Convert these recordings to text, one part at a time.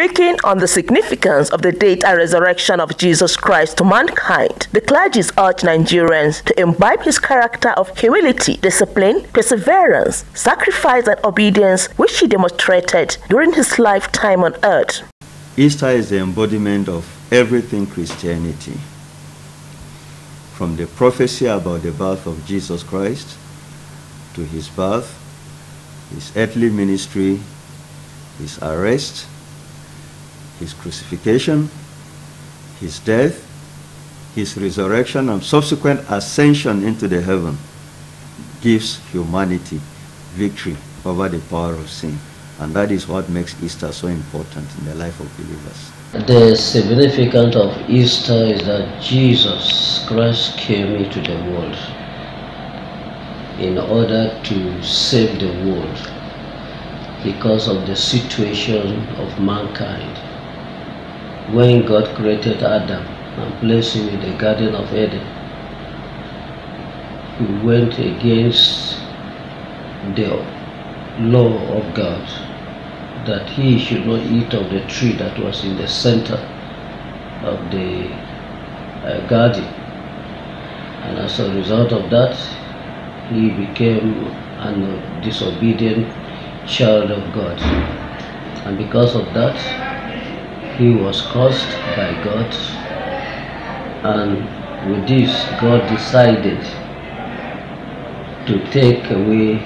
Speaking on the significance of the date and resurrection of Jesus Christ to mankind, the clergy urged Nigerians to imbibe his character of humility, discipline, perseverance, sacrifice, and obedience, which he demonstrated during his lifetime on earth. Easter is the embodiment of everything Christianity. From the prophecy about the birth of Jesus Christ to his birth, his earthly ministry, his arrest, his crucifixion, his death, his resurrection, and subsequent ascension into the heaven gives humanity victory over the power of sin. And that is what makes Easter so important in the life of believers. The significance of Easter is that Jesus Christ came into the world in order to save the world because of the situation of mankind when God created Adam and placed him in the Garden of Eden, he went against the law of God that he should not eat of the tree that was in the center of the uh, garden. And as a result of that, he became an disobedient child of God. And because of that, he was caused by God, and with this, God decided to take away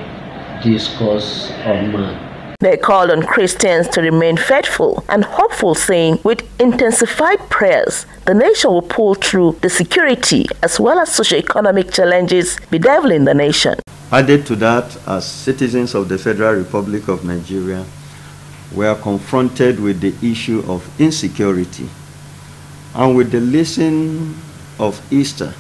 this curse of man. They called on Christians to remain faithful and hopeful, saying, with intensified prayers, the nation will pull through the security as well as socio-economic challenges bedeviling the nation. Added to that, as citizens of the Federal Republic of Nigeria, we are confronted with the issue of insecurity. And with the lesson of Easter,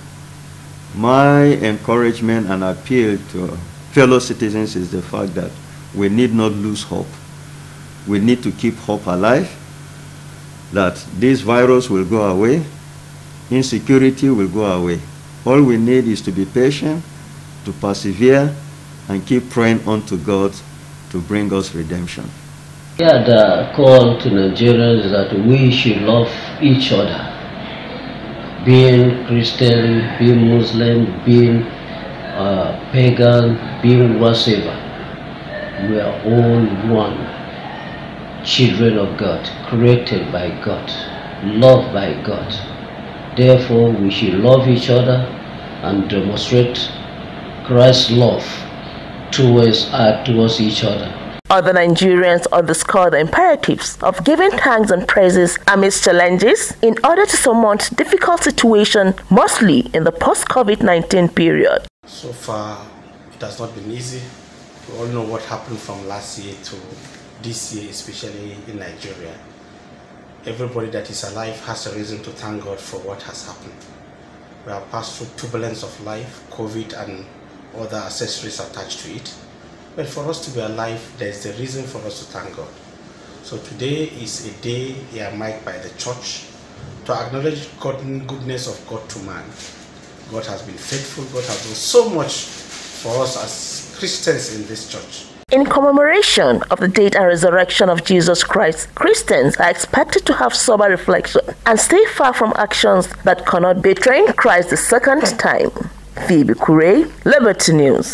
my encouragement and appeal to fellow citizens is the fact that we need not lose hope. We need to keep hope alive that this virus will go away, insecurity will go away. All we need is to be patient, to persevere, and keep praying unto God to bring us redemption had a call to Nigerians that we should love each other. Being Christian, being Muslim, being uh, pagan, being whatever. We are all one. Children of God, created by God, loved by God. Therefore, we should love each other and demonstrate Christ's love towards, uh, towards each other other Nigerians underscore the imperatives of giving thanks and praises amidst challenges in order to surmount difficult situation, mostly in the post-COVID-19 period. So far, it has not been easy. We all know what happened from last year to this year, especially in Nigeria. Everybody that is alive has a reason to thank God for what has happened. We have passed through turbulence of life, COVID and other accessories attached to it. But for us to be alive, there's a reason for us to thank God. So today is a day earmarked by the church to acknowledge God, goodness of God to man. God has been faithful. God has done so much for us as Christians in this church. In commemoration of the date and resurrection of Jesus Christ, Christians are expected to have sober reflection and stay far from actions that cannot betray Christ the second time. Phoebe Curie, Liberty News.